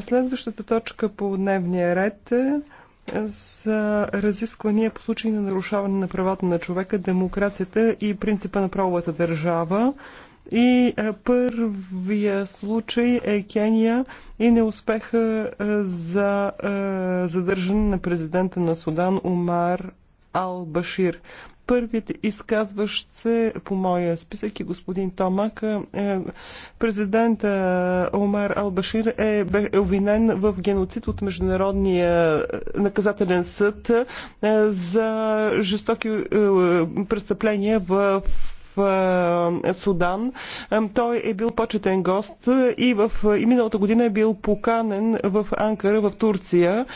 Следващата точка по дневния ред е за разисквания по случай на нарушаване на правата на човека, демокрацията и принципа на правовата държава. И е, първия случай е Кения и неуспеха е, за е, задържане на президента на Судан Умар Ал-Башир. Първият изказващ се по моя списък е господин Томак. Е, президента Омар Албашир е, е обвинен в геноцид от Международния е, наказателен съд за жестоки престъпления в Судан. Той е бил почетен гост и, в, и миналата година е бил поканен в Анкара, в Турция.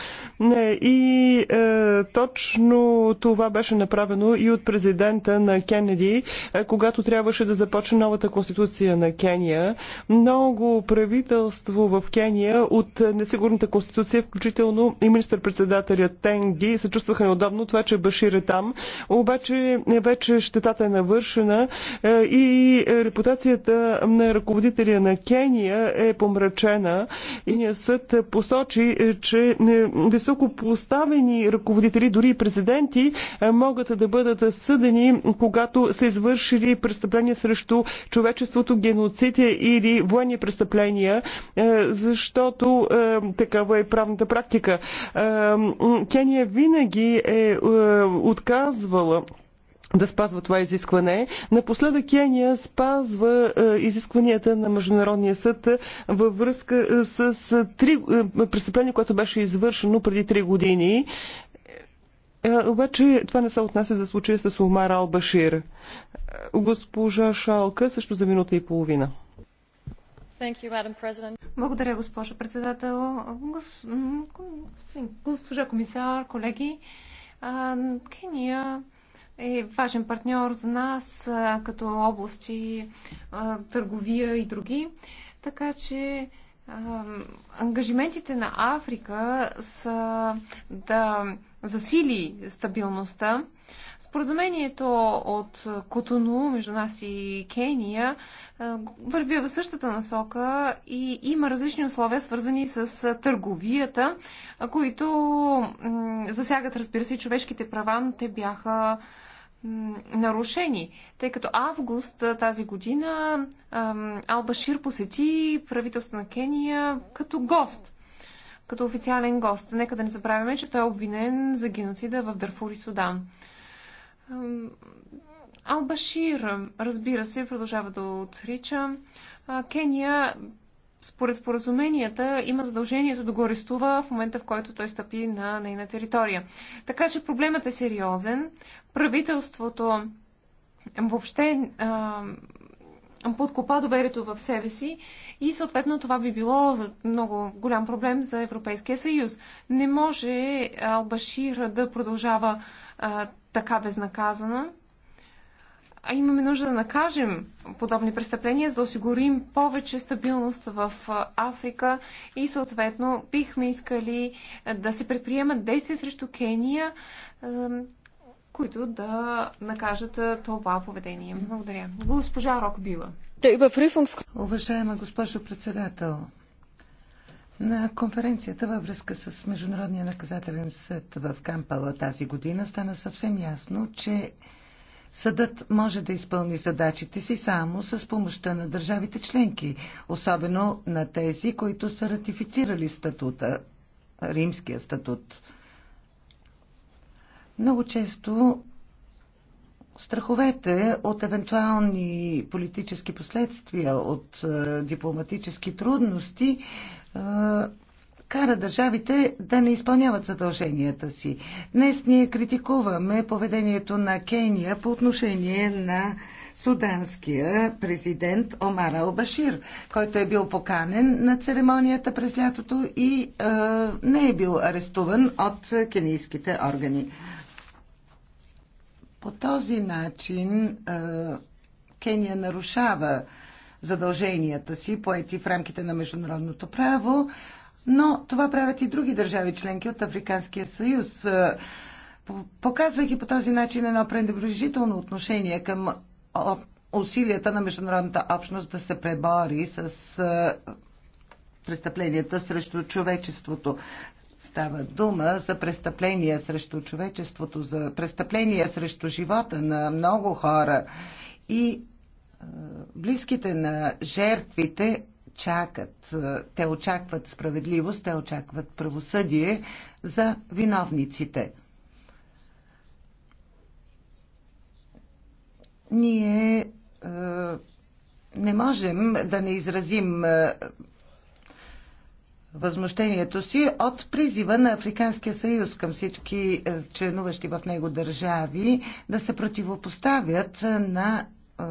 Не, И е, точно това беше направено и от президента на Кенеди, е, когато трябваше да започне новата конституция на Кения. Много правителство в Кения от несигурната конституция, включително и министър-председателя Тенги, се чувстваха неудобно това, че Башир е там. Обаче вече щетата е навършена е, и репутацията на ръководителя на Кения е помрачена. И съд посочи, е, че е, високо високопоставени ръководители, дори и президенти, е, могат да бъдат съдени, когато са извършили престъпления срещу човечеството, геноцид или военни престъпления, е, защото е, такава е правната практика. Кения винаги е отказвала да спазва това изискване. Напоследък Кения спазва е, изискванията на Международния съд е, във връзка е, с, три, престъпление, което беше извършено преди три години. обаче това не се отнася за случая с Омар Албашир. Госпожа Шалка също за минута и половина. You, Благодаря, госпожо председател. Госпожа комисар, колеги, Кения е важен партньор за нас като области търговия и други. Така че ангажиментите на Африка са да засили стабилността. Споразумението от Котону между нас и Кения върви в същата насока и има различни условия, свързани с търговията, които засягат, разбира се, човешките права, но те бяха нарушени, тъй като август тази година Албашир посети правителство на Кения като гост, като официален гост. Нека да не забравяме, че той е обвинен за геноцида в Дарфур и Судан. Албашир, разбира се, продължава да отрича. Кения според споразуменията има задължението да го арестува в момента, в който той стъпи на нейна територия. Така че проблемът е сериозен. Правителството въобще а, подкопа доверието в себе си и съответно това би било много голям проблем за Европейския съюз. Не може Албашир да продължава а, така безнаказано а имаме нужда да накажем подобни престъпления, за да осигурим повече стабилност в Африка и съответно бихме искали да се предприемат действия срещу Кения, които да накажат това поведение. Благодаря. Госпожа Рок Била. Уважаема госпожо председател, на конференцията във връзка с Международния наказателен съд в Кампала тази година стана съвсем ясно, че Съдът може да изпълни задачите си само с помощта на държавите членки, особено на тези, които са ратифицирали статута, римския статут. Много често страховете от евентуални политически последствия, от е, дипломатически трудности е, кара държавите да не изпълняват задълженията си. Днес ние критикуваме поведението на Кения по отношение на суданския президент Омар Албашир, който е бил поканен на церемонията през лятото и е, не е бил арестуван от кенийските органи. По този начин е, Кения нарушава задълженията си, поети в рамките на международното право, но това правят и други държави членки от Африканския съюз, е, показвайки по този начин едно пренебрежително отношение към усилията на международната общност да се пребори с е, престъпленията срещу човечеството. Става дума за престъпления срещу човечеството, за престъпления срещу живота на много хора. И е, близките на жертвите чакат. Е, те очакват справедливост, те очакват правосъдие за виновниците. Ние е, не можем да не изразим е, възмущението си от призива на Африканския съюз към всички е, членуващи в него държави да се противопоставят на е,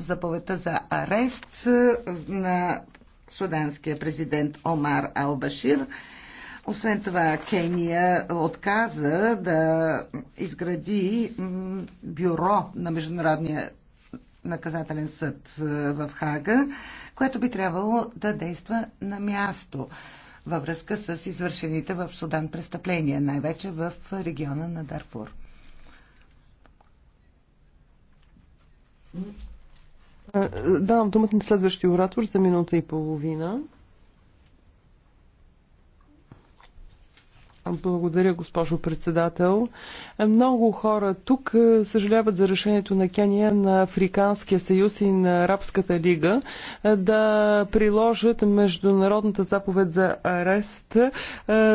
заповедта за арест на суданския президент Омар Албашир. Освен това, Кения отказа да изгради бюро на Международния наказателен съд е, в Хага, което би трябвало да действа на място във връзка с извършените в Судан престъпления, най-вече в региона на Дарфур. Е, е, давам думата на следващия оратор за минута и половина. Благодаря, госпожо председател. Много хора тук е, съжаляват за решението на Кения, на Африканския съюз и на Арабската лига е, да приложат международната заповед за арест е,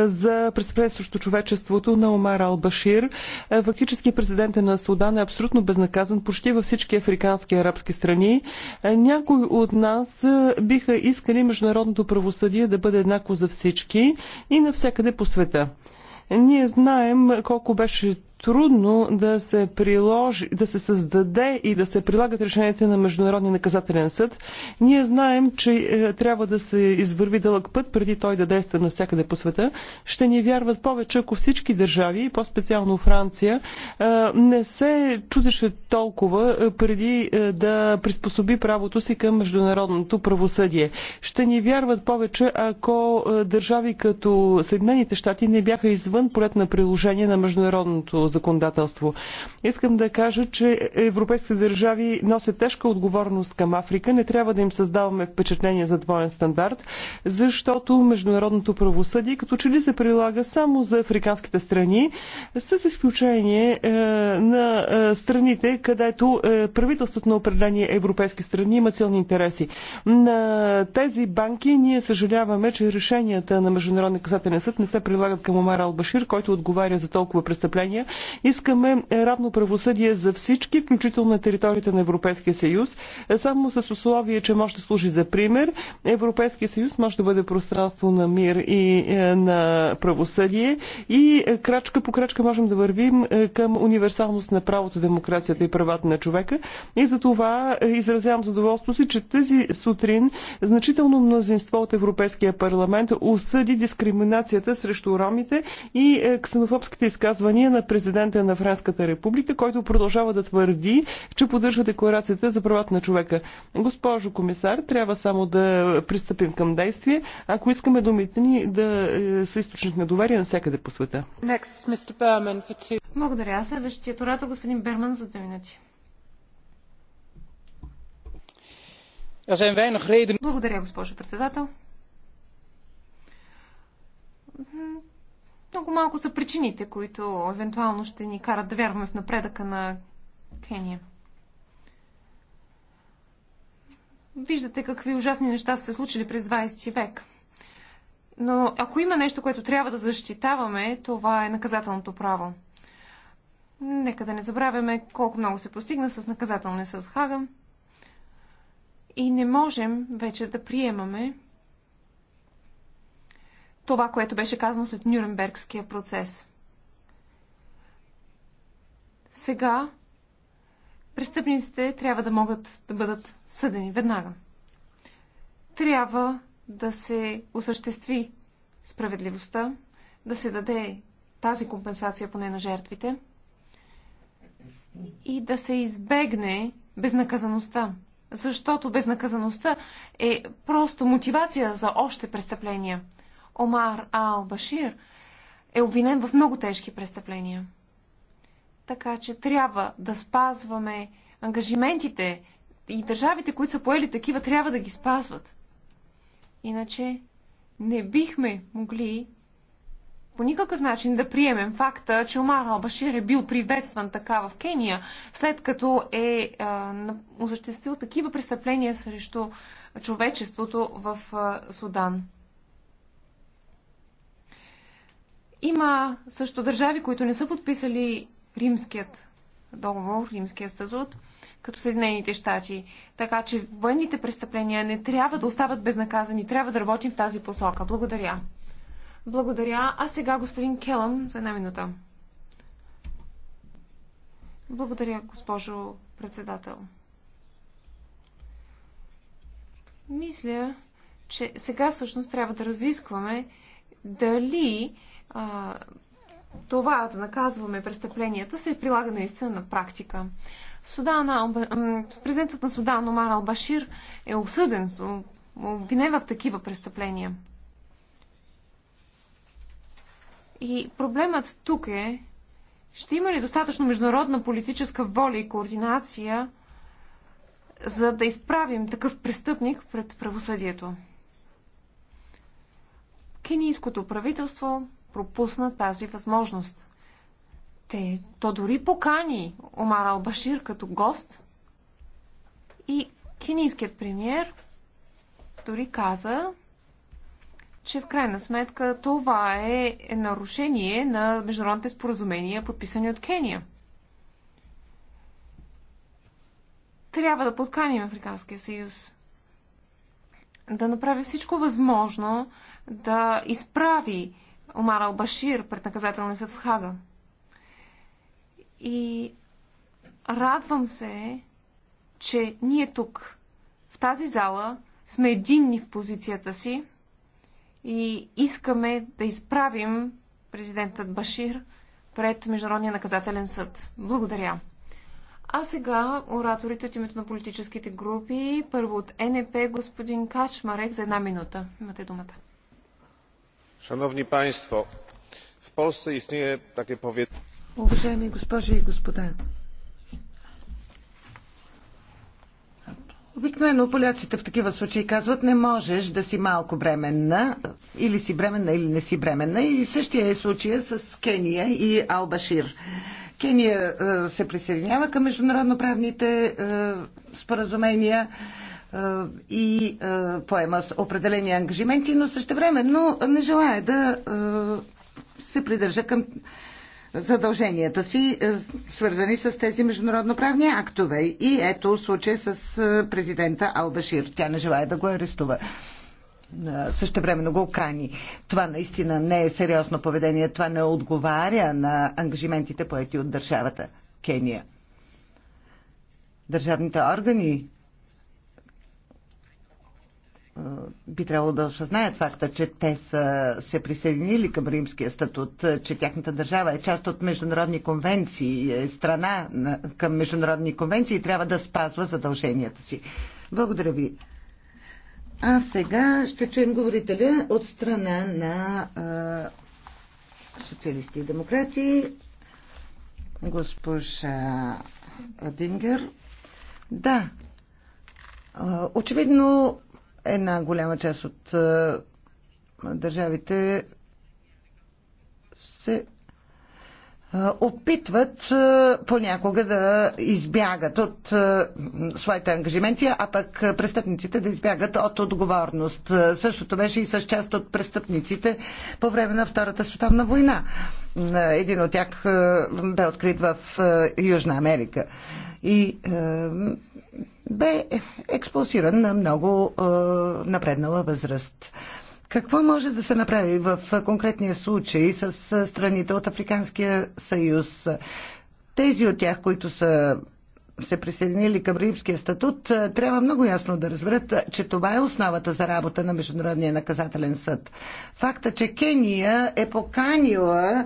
за престъпление срещу човечеството на Омар Албашир. Фактически президента на Судан е абсолютно безнаказан почти във всички африкански и арабски страни. Някои от нас биха искали международното правосъдие да бъде еднакво за всички и навсякъде по света. Ние знаем колко беше трудно да се приложи, да се създаде и да се прилагат решенията на Международния наказателен съд. Ние знаем, че е, трябва да се извърви дълъг път преди той да действа навсякъде по света. Ще ни вярват повече, ако всички държави, по-специално Франция, е, не се чудеше толкова е, преди е, да приспособи правото си към международното правосъдие. Ще ни вярват повече, ако е, държави като Съединените щати не бяха извън полет на приложение на международното законодателство. Искам да кажа, че европейските държави носят тежка отговорност към Африка. Не трябва да им създаваме впечатление за двоен стандарт, защото международното правосъдие като че ли се прилага само за африканските страни, с изключение е, на е, страните, където е, правителството на определени европейски страни има силни интереси. На тези банки ние съжаляваме, че решенията на Международния касателен съд не се прилагат към Омар Албашир, който отговаря за толкова престъпления. Искаме е, равно правосъдие за всички, включително на територията на Европейския съюз. Е, само с условие, че може да служи за пример, Европейския съюз може да бъде пространство на мир и е, на правосъдие и крачка по крачка можем да вървим към универсалност на правото, демокрацията и правата на човека. И за това изразявам задоволство си, че тази сутрин значително мнозинство от Европейския парламент осъди дискриминацията срещу ромите и ксенофобските изказвания на президента президента на Франската република, който продължава да твърди, че поддържа декларацията за правата на човека. Госпожо комисар, трябва само да пристъпим към действие, ако искаме думите ни да е, са източник на доверие навсякъде по света. Next, Благодаря. Следващият оратор господин Берман за две минути. Er Благодаря, госпожо председател. Много малко са причините, които евентуално ще ни карат да вярваме в напредъка на Кения. Виждате какви ужасни неща са се случили през 20 век. Но ако има нещо, което трябва да защитаваме, това е наказателното право. Нека да не забравяме колко много се постигна с наказателния съд в Хага. И не можем вече да приемаме това, което беше казано след Нюрнбергския процес. Сега престъпниците трябва да могат да бъдат съдени веднага. Трябва да се осъществи справедливостта, да се даде тази компенсация поне на жертвите и да се избегне безнаказаността. Защото безнаказаността е просто мотивация за още престъпления – Омар Ал-Башир е обвинен в много тежки престъпления. Така че трябва да спазваме ангажиментите и държавите, които са поели такива, трябва да ги спазват. Иначе не бихме могли по никакъв начин да приемем факта, че Омар Албашир е бил приветстван така в Кения, след като е осъществил такива престъпления срещу човечеството в а, Судан. Има също държави, които не са подписали римският договор, римския статут, като Съединените щати. Така че военните престъпления не трябва да остават безнаказани. Трябва да работим в тази посока. Благодаря. Благодаря. А сега господин Келъм за една минута. Благодаря, госпожо председател. Мисля, че сега всъщност трябва да разискваме дали а, това да наказваме престъпленията се прилага наистина на практика. Судана, президентът на Судан Омар Албашир е осъден, обвинен в такива престъпления. И проблемът тук е, ще има ли достатъчно международна политическа воля и координация, за да изправим такъв престъпник пред правосъдието? Кенийското правителство пропусна тази възможност. Те, то дори покани Омар Албашир като гост и кенийският премьер дори каза, че в крайна сметка това е нарушение на международните споразумения, подписани от Кения. Трябва да подканим Африканския съюз да направи всичко възможно да изправи Омар Албашир пред наказателния съд в Хага. И радвам се, че ние тук, в тази зала, сме единни в позицията си и искаме да изправим президентът Башир пред Международния наказателен съд. Благодаря. А сега ораторите от името на политическите групи. Първо от НП господин Качмарек за една минута. Имате думата w polsce istnieje takie powiedzenie уважаеми госпожи и господа обикновено поляците в такива случаи казват не можеш да си малко бременна или си бременна или не си бременна и същия е случая с Кения и Албашир. Кения е, се присъединява към международно правните е, споразумения и поема определени ангажименти, но но не желая да се придържа към задълженията си, свързани с тези международноправни актове. И ето случай с президента Албашир. Тя не желая да го арестува. Също време го кани. Това наистина не е сериозно поведение. Това не отговаря на ангажиментите поети от държавата Кения. Държавните органи би трябвало да осъзнаят факта, че те са се присъединили към римския статут, че тяхната държава е част от международни конвенции, е страна към международни конвенции и трябва да спазва задълженията си. Благодаря ви. А сега ще чуем говорителя от страна на а, социалисти и демократи, госпожа Дингер. Да, очевидно една голяма част от е, държавите се е, опитват е, понякога да избягат от своите ангажименти, а пък престъпниците да избягат от отговорност. Същото беше и с част от престъпниците по време на Втората световна война. Един от тях бе открит в Южна Америка. И бе експулсиран на много е, напреднала възраст. Какво може да се направи в конкретния случай с страните от Африканския съюз? Тези от тях, които са се присъединили към Римския статут, трябва много ясно да разберат, че това е основата за работа на Международния наказателен съд. Факта, че Кения е поканила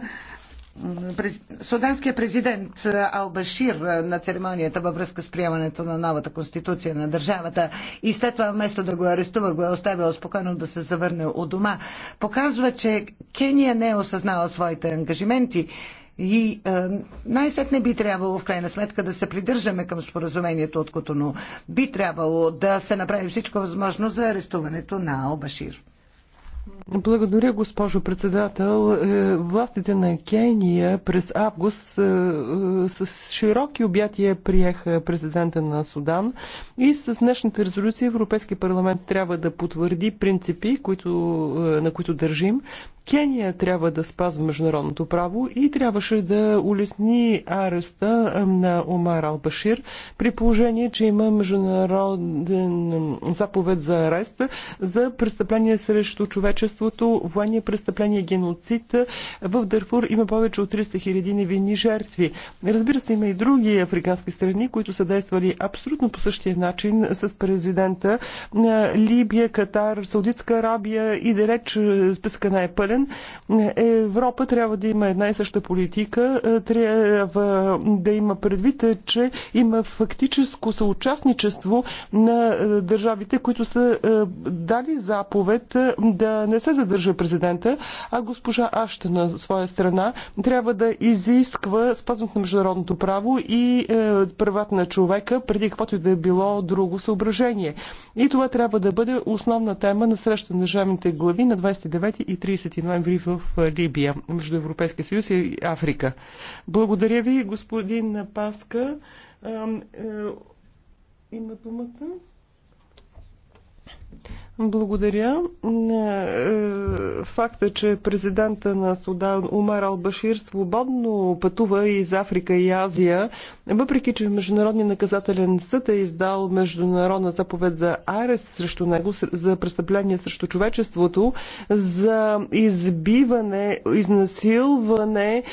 Суданският президент Албашир на церемонията във връзка с приемането на новата конституция на държавата и след това вместо да го арестува, го е оставил спокойно да се завърне у дома, показва, че Кения не е осъзнала своите ангажименти и е, най-сетне би трябвало в крайна сметка да се придържаме към споразумението от Котону. Би трябвало да се направи всичко възможно за арестуването на Албашир. Благодаря, госпожо председател. Е, властите на Кения през август е, е, с широки обятия приеха президента на Судан и с днешната резолюция Европейски парламент трябва да потвърди принципи, които, на които държим, Кения трябва да спазва международното право и трябваше да улесни ареста на Омар Албашир при положение, че има международен заповед за арест за престъпление срещу човечеството, военни престъпления, геноцид. В Дърфур има повече от 300 хиляди невинни жертви. Разбира се, има и други африкански страни, които са действали абсолютно по същия начин с президента Либия, Катар, Саудитска Арабия и да реч списка не е пълен сигурен. Европа трябва да има една и съща политика, е, трябва да има предвид, е, че има фактическо съучастничество на е, държавите, които са дали заповед да не се задържа президента, а госпожа Ашта на своя страна трябва да изисква спазването на международното право и правата на човека преди каквото и да е било друго съображение. И това трябва да бъде основна тема на среща на държавните глави на 29 и 30 11 ноември в Либия, между Европейския съюз и Африка. Благодаря ви, господин Паска. Е, има думата. Благодаря. Е, факта, че президента на Судан Умар Албашир свободно пътува из Африка и Азия, въпреки че Международния наказателен съд е издал международна заповед за арест срещу него за престъпление срещу човечеството, за избиване, изнасилване,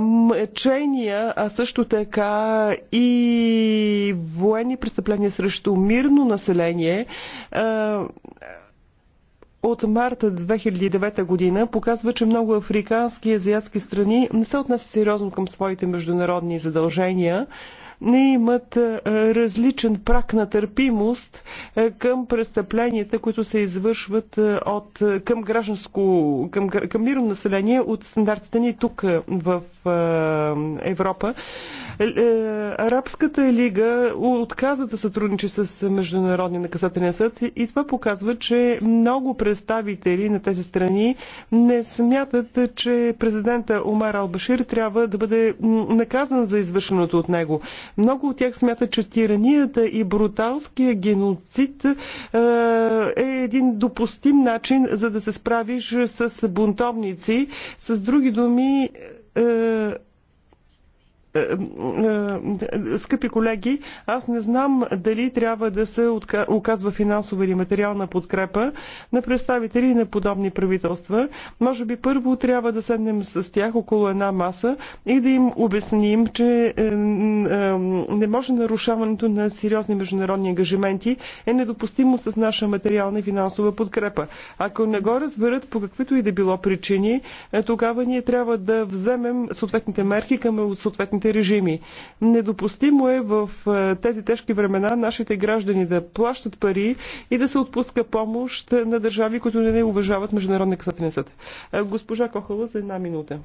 мъчения, а също така и военни престъпления срещу мирно население от марта 2009 година показва, че много африкански и азиатски страни не се отнасят сериозно към своите международни задължения. Не имат е, различен прак на търпимост е, към престъпленията, които се извършват е, от, към гражданско, към, към мирно население от стандартите ни тук в Европа. Е, е, Арабската лига отказа да сътрудничи с Международния наказателен съд и това показва, че много представители на тези страни не смятат, че президента Омар Албашир трябва да бъде наказан за извършеното от него. Много от тях смятат, че тиранията и бруталския геноцид е, е един допустим начин за да се справиш с бунтовници. С други думи, е, е, скъпи колеги, аз не знам дали трябва да се оказва финансова или материална подкрепа на представители на подобни правителства. Може би първо трябва да седнем с тях около една маса и да им обясним, че е, не може нарушаването на сериозни международни ангажименти е недопустимо с наша материална и финансова подкрепа. Ако не го разберат по каквито и да било причини, тогава ние трябва да вземем съответните мерки към съответните тоталитарните режими. Недопустимо е в е, тези тежки времена нашите граждани да плащат пари и да се отпуска помощ на държави, които не, не уважават Международния касателен съд. Госпожа Кохала за една минута.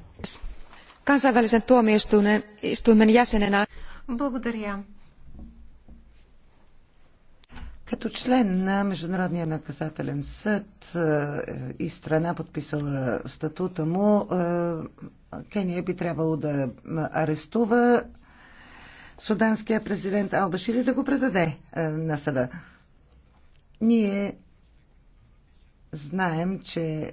Kansainvälisen tuomioistuimen jäsenenä. Благодаря. Като член на Международния наказателен съд е, и страна подписала статута му, е, Кения би трябвало да арестува суданския президент Албашир и да го предаде е, на съда. Ние знаем, че е,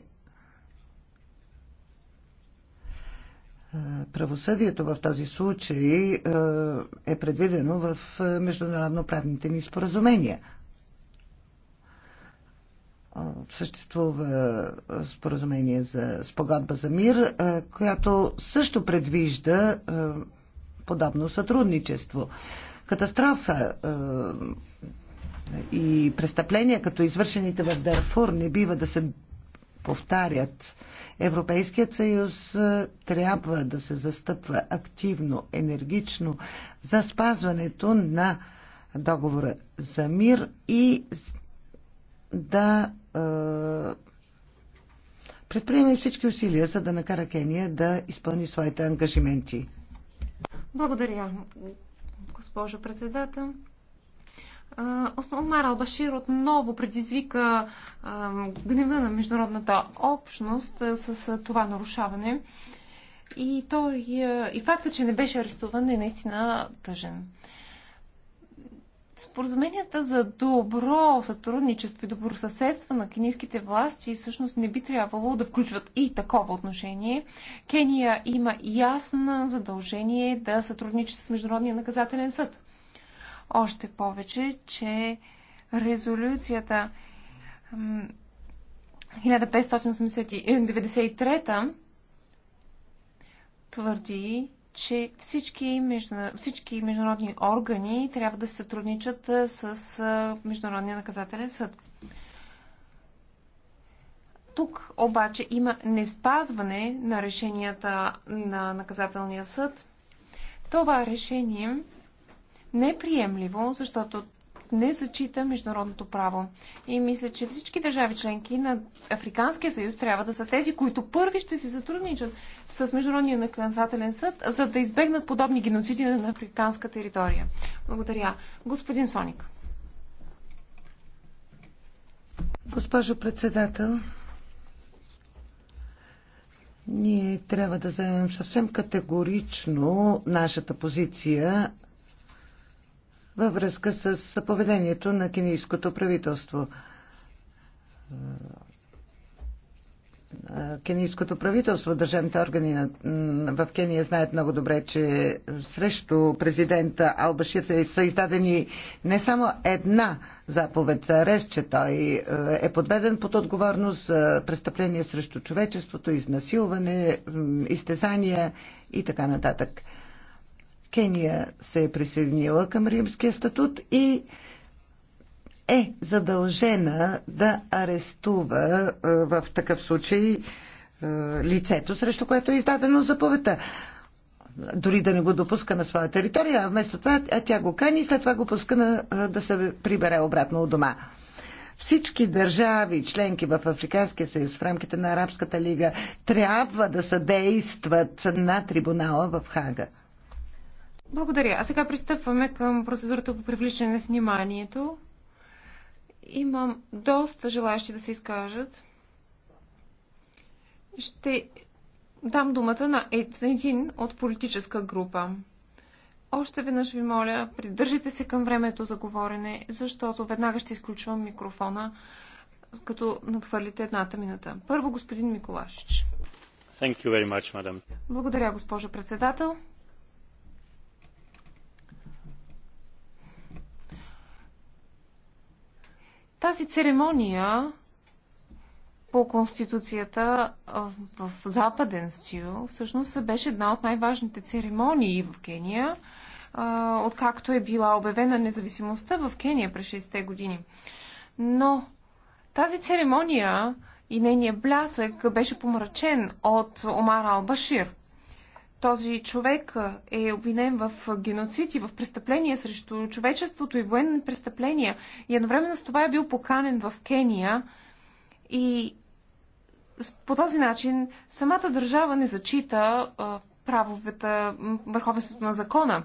правосъдието в този случай е, е предвидено в международно правните ни споразумения съществува споразумение за спогодба за мир, която също предвижда подобно сътрудничество. Катастрофа и престъпления, като извършените в Дарфур, не бива да се повтарят. Европейският съюз трябва да се застъпва активно, енергично за спазването на договора за мир и да е, предприеме всички усилия, за да накара Кения да изпълни своите ангажименти. Благодаря, госпожо председател. Е, Омар Албашир отново предизвика е, гнева на международната общност с това нарушаване. И, той, и факта, че не беше арестуван е наистина тъжен. Споразуменията за добро сътрудничество и добро съседство на кенийските власти всъщност не би трябвало да включват и такова отношение. Кения има ясно задължение да сътрудничи с Международния наказателен съд. Още повече, че резолюцията 1593 твърди, че всички, междуна... всички международни органи трябва да се сътрудничат с Международния наказателен съд. Тук обаче има неспазване на решенията на наказателния съд. Това решение не е приемливо, защото не зачита международното право. И мисля, че всички държави членки на Африканския съюз трябва да са тези, които първи ще се сътрудничат с Международния наказателен съд, за да избегнат подобни геноциди на африканска територия. Благодаря. Господин Соник. Госпожо председател, ние трябва да заемем съвсем категорично нашата позиция във връзка с поведението на кенийското правителство. Кенийското правителство, държавните органи в Кения знаят много добре, че срещу президента Албашир са издадени не само една заповед за арест, че той е, е подведен под отговорност за престъпление срещу човечеството, изнасилване, изтезания и така нататък. Кения се е присъединила към римския статут и е задължена да арестува е, в такъв случай е, лицето, срещу което е издадено заповедта. Дори да не го допуска на своя територия, а вместо това тя го кани и след това го пуска на, е, да се прибере обратно от дома. Всички държави, членки в Африканския съюз, в рамките на Арабската лига, трябва да съдействат на трибунала в Хага. Благодаря. А сега пристъпваме към процедурата по привличане на вниманието. Имам доста желащи да се изкажат. Ще дам думата на един от политическа група. Още веднъж ви моля, придържите се към времето за говорене, защото веднага ще изключвам микрофона, като надхвърлите едната минута. Първо господин Миколашич. Much, Благодаря, госпожо председател. Тази церемония по Конституцията в, в Западен стил всъщност беше една от най-важните церемонии в Кения, откакто е била обявена независимостта в Кения през 60-те години. Но тази церемония и нейният блясък беше помрачен от Омар Албашир. Този човек е обвинен в геноцид и в престъпления срещу човечеството и военни престъпления. И едновременно с това е бил поканен в Кения и по този начин самата държава не зачита правовете, върховенството на закона.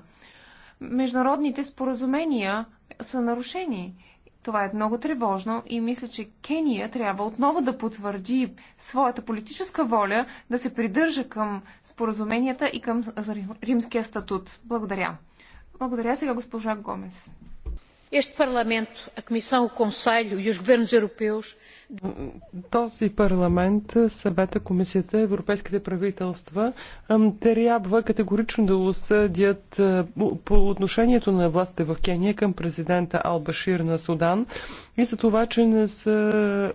Международните споразумения са нарушени. Това е много тревожно и мисля, че Кения трябва отново да потвърди своята политическа воля да се придържа към споразуменията и към римския статут. Благодаря. Благодаря сега госпожа Гомес este Parlamento, a Comissão, o Conselho e os governos europeus. Този парламент, съвета, комисията, европейските правителства трябва категорично да осъдят по отношението на властите в Кения към президента Албашир на Судан и за това, че не са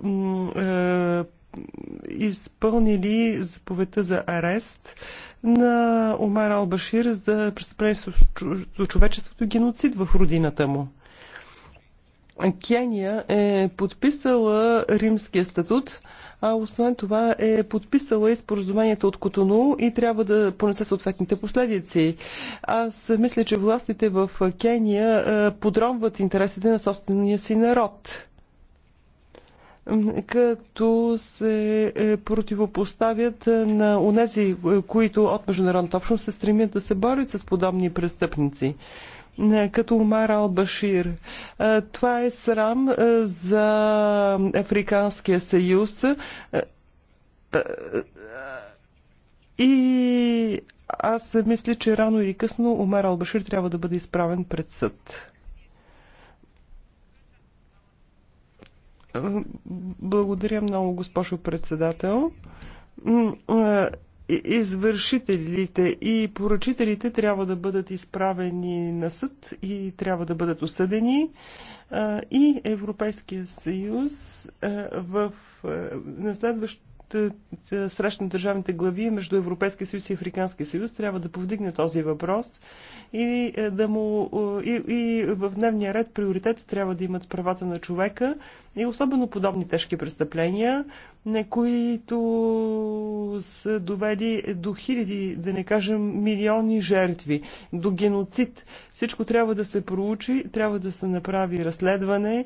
изпълнили заповедта за арест на Омар Албашир за престъпление срещу човечеството и геноцид в родината му. Кения е подписала римския статут, а освен това е подписала и споразумението от Котону и трябва да понесе съответните последици. Аз мисля, че властите в Кения подромват интересите на собствения си народ като се е, противопоставят на онези, които от международната общност се стремят да се борят с подобни престъпници. Е, като Омар Албашир. Е, това е срам е, за Африканския съюз. И аз мисля, че рано или късно Омар Албашир трябва да бъде изправен пред съд. Благодаря много, госпожо председател извършителите и поръчителите трябва да бъдат изправени на съд и трябва да бъдат осъдени. И Европейския съюз в, на следващото на държавните глави между Европейския съюз и Африканския съюз трябва да повдигне този въпрос и е, да му е, и, и в дневния ред приоритет трябва да имат правата на човека и особено подобни тежки престъпления, на които са довели до хиляди, да не кажем милиони жертви, до геноцид. Всичко трябва да се проучи, трябва да се направи разследване,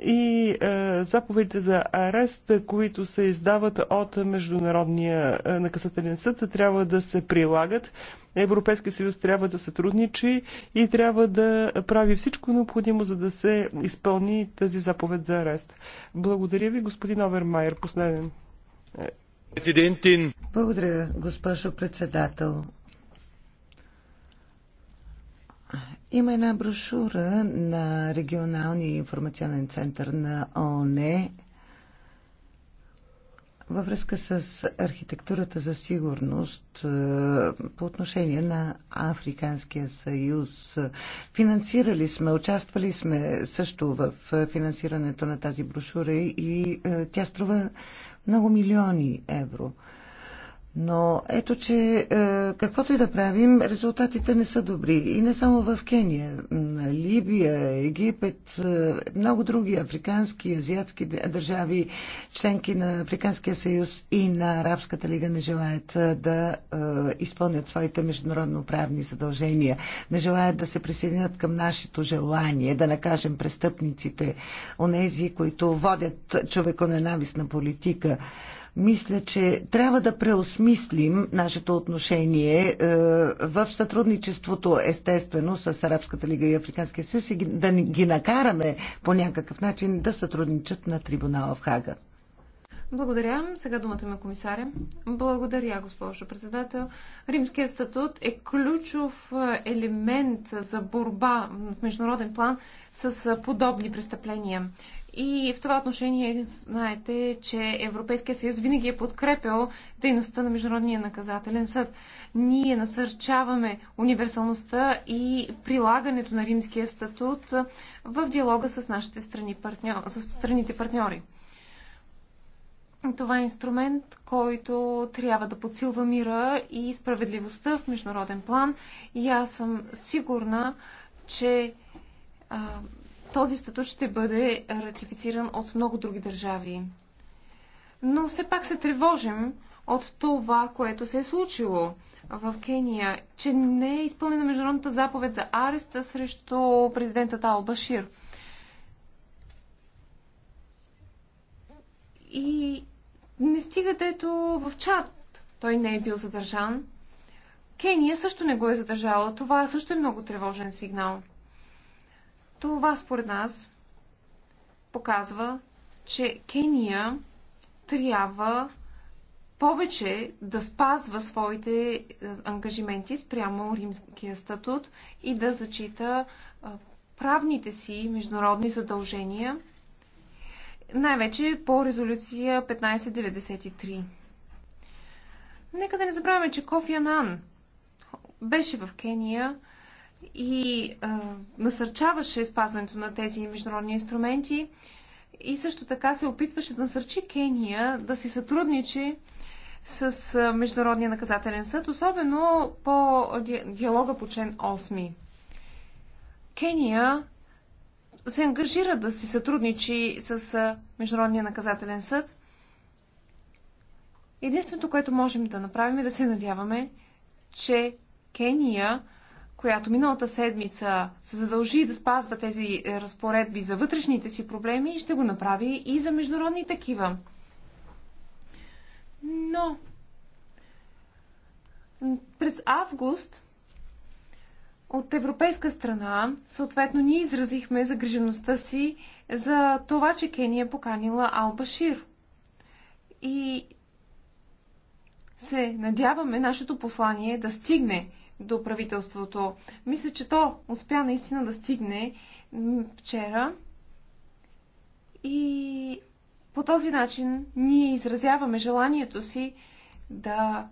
и е, заповедите за арест, които се издават от Международния е, наказателен съд, трябва да се прилагат. Европейския съюз трябва да сътрудничи и трябва да прави всичко необходимо, за да се изпълни тази заповед за арест. Благодаря ви, господин Овермайер. Последен. Благодаря, госпожо председател. Има една брошура на Регионалния информационен център на ООН във връзка с архитектурата за сигурност е, по отношение на Африканския съюз. Финансирали сме, участвали сме също в финансирането на тази брошура и е, тя струва много милиони евро. Но ето, че е, каквото и да правим, резултатите не са добри. И не само в Кения, на Либия, Египет, е, много други африкански, азиатски държави, членки на Африканския съюз и на Арабската лига не желаят е, да изпълнят своите международно правни задължения. Не желаят да се присъединят към нашето желание да накажем престъпниците, онези, които водят човеконенавистна политика мисля, че трябва да преосмислим нашето отношение е, в сътрудничеството, естествено, с Арабската лига и Африканския съюз и да ги накараме по някакъв начин да сътрудничат на трибунала в Хага. Благодаря. Сега думата има комисаря. Благодаря, госпожо председател. Римският статут е ключов е, елемент за борба в международен план с е, подобни престъпления. И в това отношение знаете, че Европейския съюз винаги е подкрепял дейността на Международния наказателен съд. Ние насърчаваме универсалността и прилагането на римския статут в диалога с нашите страни партньор, с страните партньори. Това е инструмент, който трябва да подсилва мира и справедливостта в международен план. И аз съм сигурна, че този статут ще бъде ратифициран от много други държави. Но все пак се тревожим от това, което се е случило в Кения, че не е изпълнена международната заповед за ареста срещу президента Тал Башир. И не стига дето в чат. Той не е бил задържан. Кения също не го е задържала. Това също е много тревожен сигнал. Това според нас показва, че Кения трябва повече да спазва своите е, ангажименти спрямо римския статут и да зачита е, правните си международни задължения, най-вече по резолюция 1593. Нека да не забравяме, че Кофи Анан беше в Кения и а, насърчаваше спазването на тези международни инструменти и също така се опитваше да насърчи Кения да си сътрудничи с Международния наказателен съд, особено по диалога по член 8. Кения се ангажира да си сътрудничи с Международния наказателен съд. Единственото, което можем да направим е да се надяваме, че Кения която миналата седмица се задължи да спазва тези е, разпоредби за вътрешните си проблеми, и ще го направи и за международни такива. Но през август от европейска страна, съответно, ние изразихме загрижеността си за това, че Кения е поканила Албашир. И се надяваме нашето послание да стигне до правителството. Мисля, че то успя наистина да стигне вчера и по този начин ние изразяваме желанието си да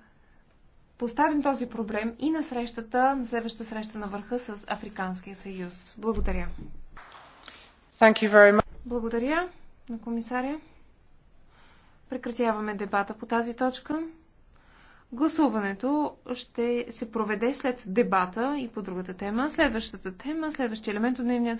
поставим този проблем и на срещата, на следващата среща на върха с Африканския съюз. Благодаря. Thank you very much. Благодаря на комисаря. Прекратяваме дебата по тази точка. Гласуването ще се проведе след дебата и по другата тема. Следващата тема, следващия елемент от дневния